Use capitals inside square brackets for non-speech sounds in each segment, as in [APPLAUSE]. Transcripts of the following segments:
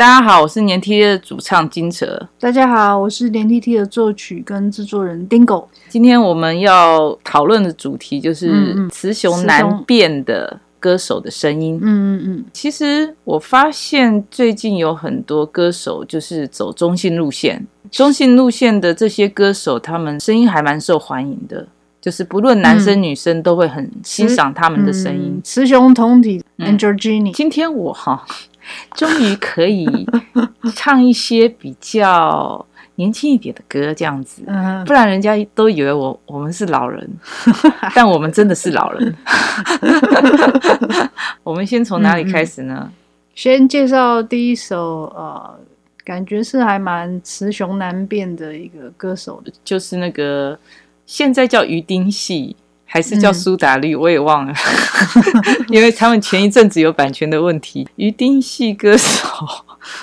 大家好，我是黏 tt 的主唱驚蟄。大家好，我是黏 tt 的作曲跟製作人 Dingo。今天我們要討論的主題就是雌雄難辨的歌手的聲音。嗯嗯嗯。其實我發現最近有很多歌手就是走中性路線，中性路線的這些歌手，他們聲音還蠻受歡迎的，就是不論男生、嗯、女生都會很欣賞他們的聲音，雌、嗯、雄同體。嗯、Angel g n i 今天我哈。終於可以唱一些比較年輕一點的歌，這樣子、嗯，不然人家都以為我我們是老人， [LAUGHS] 但我們真的是老人。 [LAUGHS] [LAUGHS] [LAUGHS] [LAUGHS] 我們先從哪裡開始呢、嗯？先介紹第一首，呃，感覺是還蠻雌雄難辨的一個歌手的，就是那個現在叫魚丁糸。還是叫蘇打綠，嗯、我也忘了， [LAUGHS] 因為他們前一陣子有版權的問題。魚 [LAUGHS] 丁糸歌手，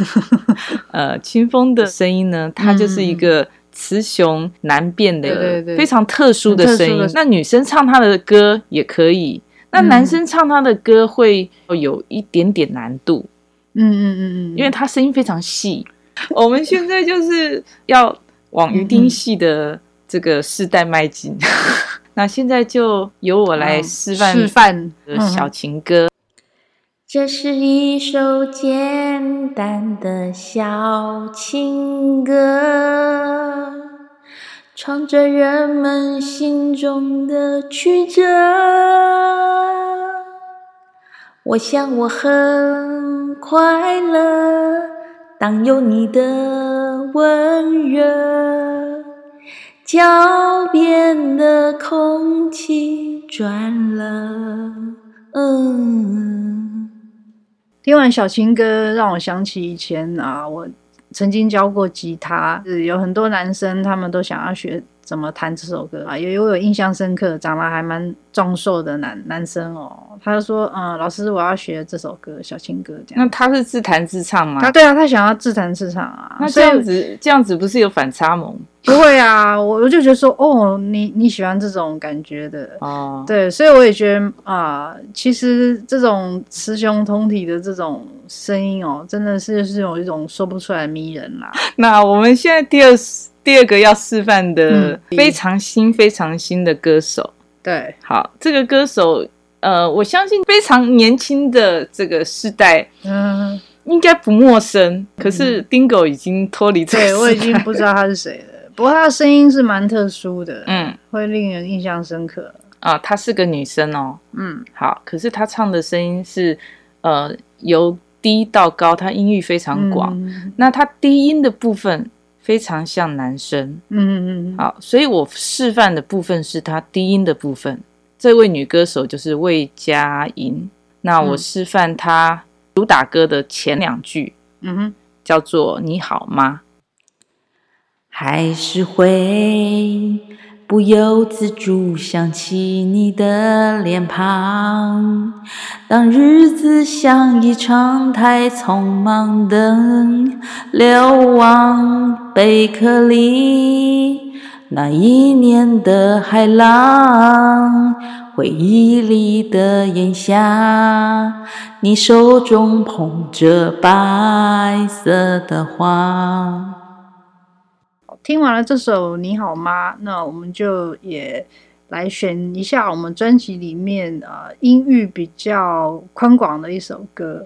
[LAUGHS] 呃，青峰的聲音呢，他、嗯、就是一個雌雄難辨的，對對對，非常特殊的聲音的。那女生唱他的歌也可以，嗯、那男生唱他的歌會有，有一點點難度。嗯嗯嗯嗯，因為他聲音非常細。嗯、 [LAUGHS] 我們現在就是要往魚丁糸的這個世代邁進。嗯嗯 [LAUGHS] 那現在就由我來示範《小情歌》，嗯，示範嗯。這是一首簡單的小情歌，唱着人們心中的曲折。我想我很快樂，當有你的溫熱。腳邊的空氣轉了。嗯。聽完小情歌，讓我想起以前啊，我曾經教過吉他，有很多男生他們都想要學。怎麼彈這首歌啊？因為我有印象深刻，長得還蠻壯碩的男男生哦。他就說：“嗯，老師，我要學這首歌《小情歌》。”這樣。那他是自彈自唱嗎？他對啊，他想要自彈自唱啊。那這樣子，這樣子不是有反差萌？不會啊，我我就覺得說，哦，你你喜歡這種感覺的啊、哦。對，所以我也覺得啊、嗯，其實這種雌雄同體的這種聲音哦，真的是、就是有一種說不出來的迷人啦、啊。那我們現在第二第二個要示範的非常新、非常新的歌手、嗯，對，好，這個歌手，呃，我相信，非常年輕的這個世代，嗯，應該不陌生、嗯。可是 Dingo 已經脫離這個，對，我已經不知道他是誰了。不過他的聲音是蠻特殊的，嗯，會令人印象深刻啊。她、呃、是個女生哦，嗯，好，可是她唱的聲音是呃由低到高，她音域非常廣。嗯、那她低音的部分。非常像男生，嗯嗯嗯，好，所以我示範的部分是她低音的部分。這位女歌手就是魏佳瑩，那我示範她主打歌的前兩句，嗯哼，叫做“你好嗎”，還是會。不由自主想起你的臉龐，當日子像一場太匆忙的流亡，貝殼裡那一年的海浪，回憶裡的炎夏，你手中捧着白色的花。聽完了這首《你好嗎》，那我們就也來選一下我們專輯裡面呃音域比較寬廣的一首歌，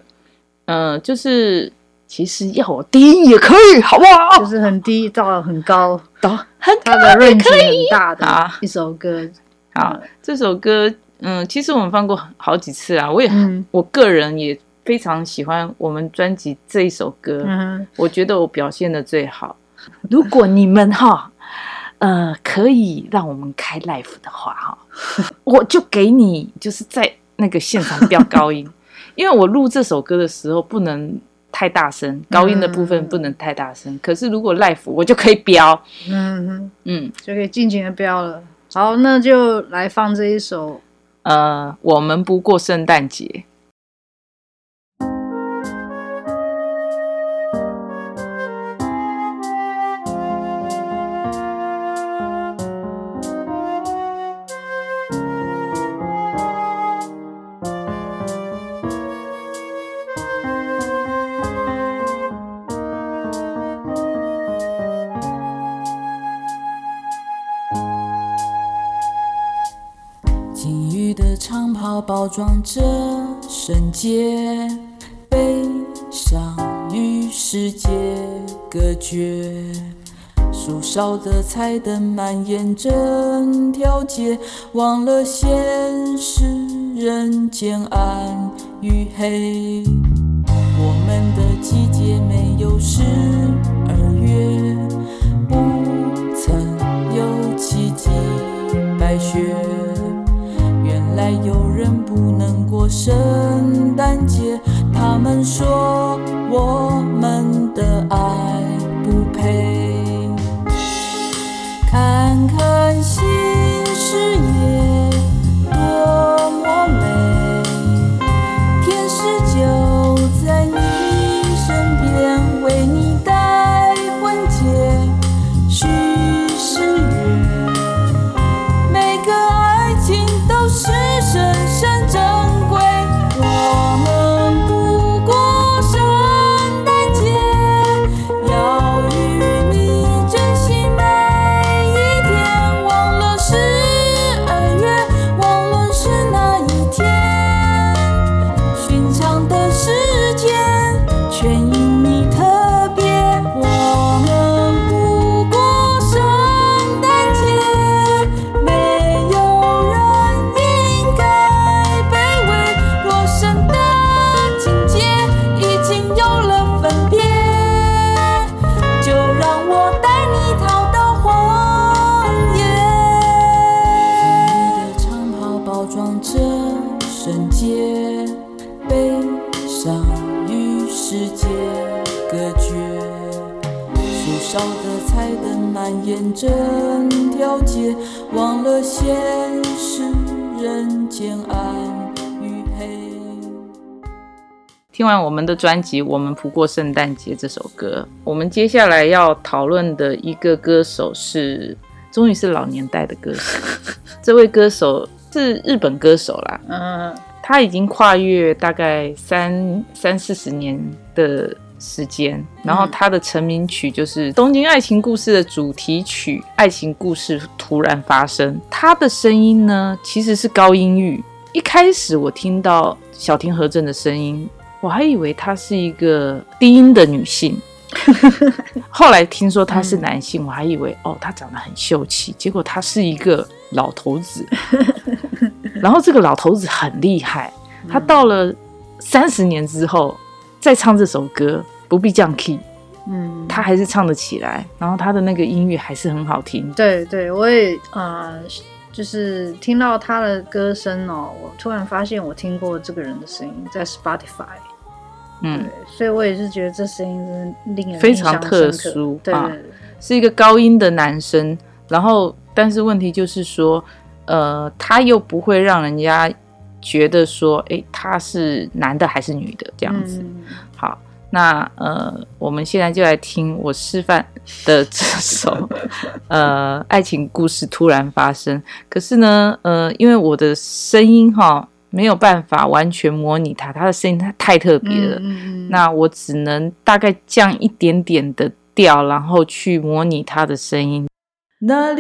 嗯、呃，就是其實要我低也可以，好不好？就是很低到很高的， [LAUGHS] 很大 [LAUGHS] 它的音域很大的一首歌好好、嗯。好。這首歌，嗯，其實我們放過好幾次啊，我也、嗯、我個人也非常喜歡我們專輯這一首歌，嗯、我覺得我表現得最好。如果你們哈，呃，可以讓我們開 live 的話哈，我就給你就是在那個現場飆高音， [LAUGHS] 因為我錄這首歌的時候不能太大聲，高音的部分不能太大聲。嗯、可是如果 live，我就可以飆，嗯嗯，嗯，就可以盡情的飆了。好，那就來放這一首，呃，我們不過聖誕節。好包裝着聖潔，悲傷與世界隔絕。樹梢的彩燈蔓延整條街，忘了現實人間暗與黑。我們的季節沒有詩。是人間。聽完我們的專輯《我們不過聖誕節》這首歌，我們接下來要討論的一個歌手是，終於是老年代的歌手。 [LAUGHS] 這位歌手是日本歌手啦，嗯、呃，他已經跨越大概三三四十年的。時間，然後他的成名曲就是《東京愛情故事》的主題曲，《愛情故事》突然發生。他的聲音呢，其實是高音域。一開始我聽到小田和正的聲音，我還以為他是一個低音的女性。後來聽說他是男性，我還以為哦，他長得很秀氣，結果他是一個老頭子。然後這個老頭子很厲害，他到了三十年之後再唱這首歌。不必降 key，嗯，他還是唱得起來，然後他的那個音樂還是很好聽。對對，我也啊、呃，就是聽到他的歌聲哦，我突然發現我聽過這個人的聲音在 Spotify，嗯，所以我也是覺得這聲音真的令人非常特殊，對，對，對、啊，是一個高音的男生。然後，但是問題就是說，呃，他又不會讓人家覺得說，哎，他是男的還是女的這樣子，嗯、好。那呃，我們現在就來聽我示範的這首 [LAUGHS] 呃愛情故事突然發生。可是呢，呃，因為我的聲音哈、哦、沒有辦法完全模擬它，它的聲音它太特別了、嗯嗯。那我只能大概降一點點的調，然後去模擬它的聲音。嗯嗯那我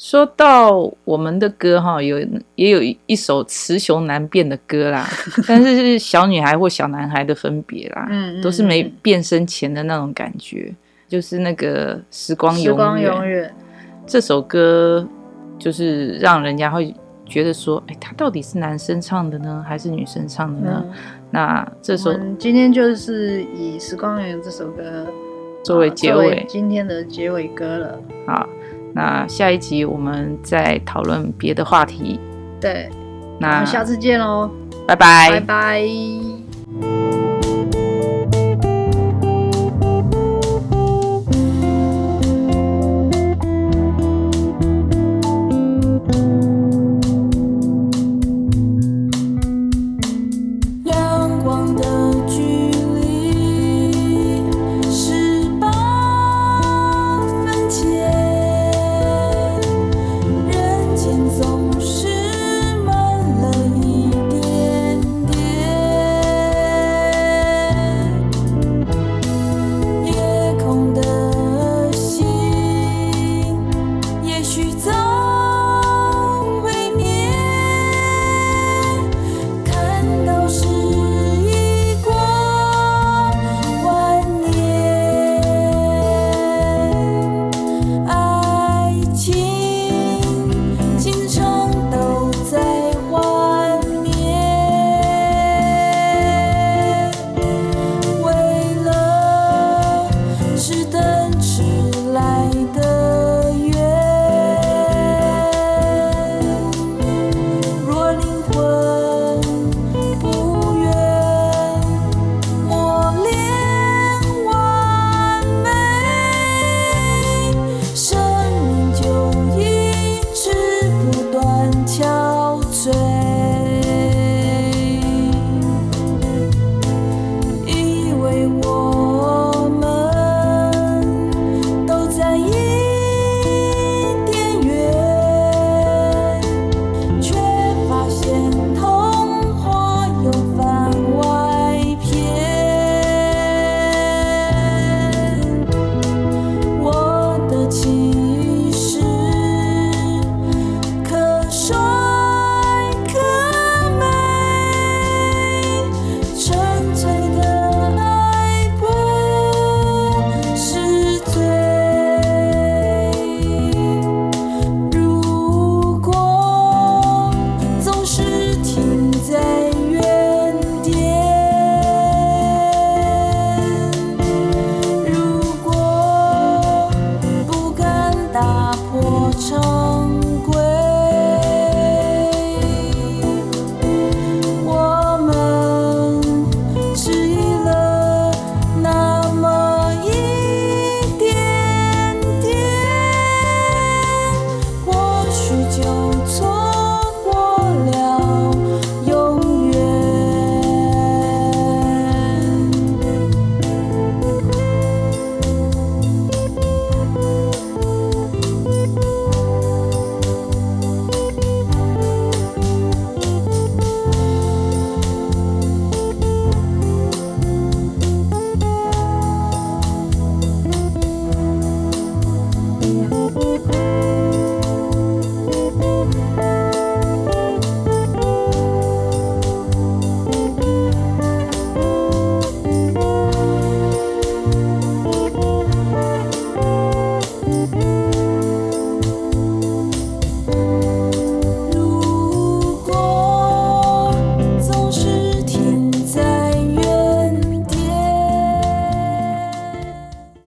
說到我們的歌哈，有也有一首雌雄難辨的歌啦， [LAUGHS] 但是是小女孩或小男孩的分別啦， [LAUGHS] 都是沒變身前的那種感覺，就是那個時光永遠，永遠這首歌就是讓人家會。覺得說，哎，他到底是男生唱的呢，還是女生唱的呢？嗯，那這首今天就是以《時光源》這首歌作為結尾，今天的結尾歌了。好，那下一集我們再討論別的話題。對，那，那我們下次見嘍，拜拜，拜拜。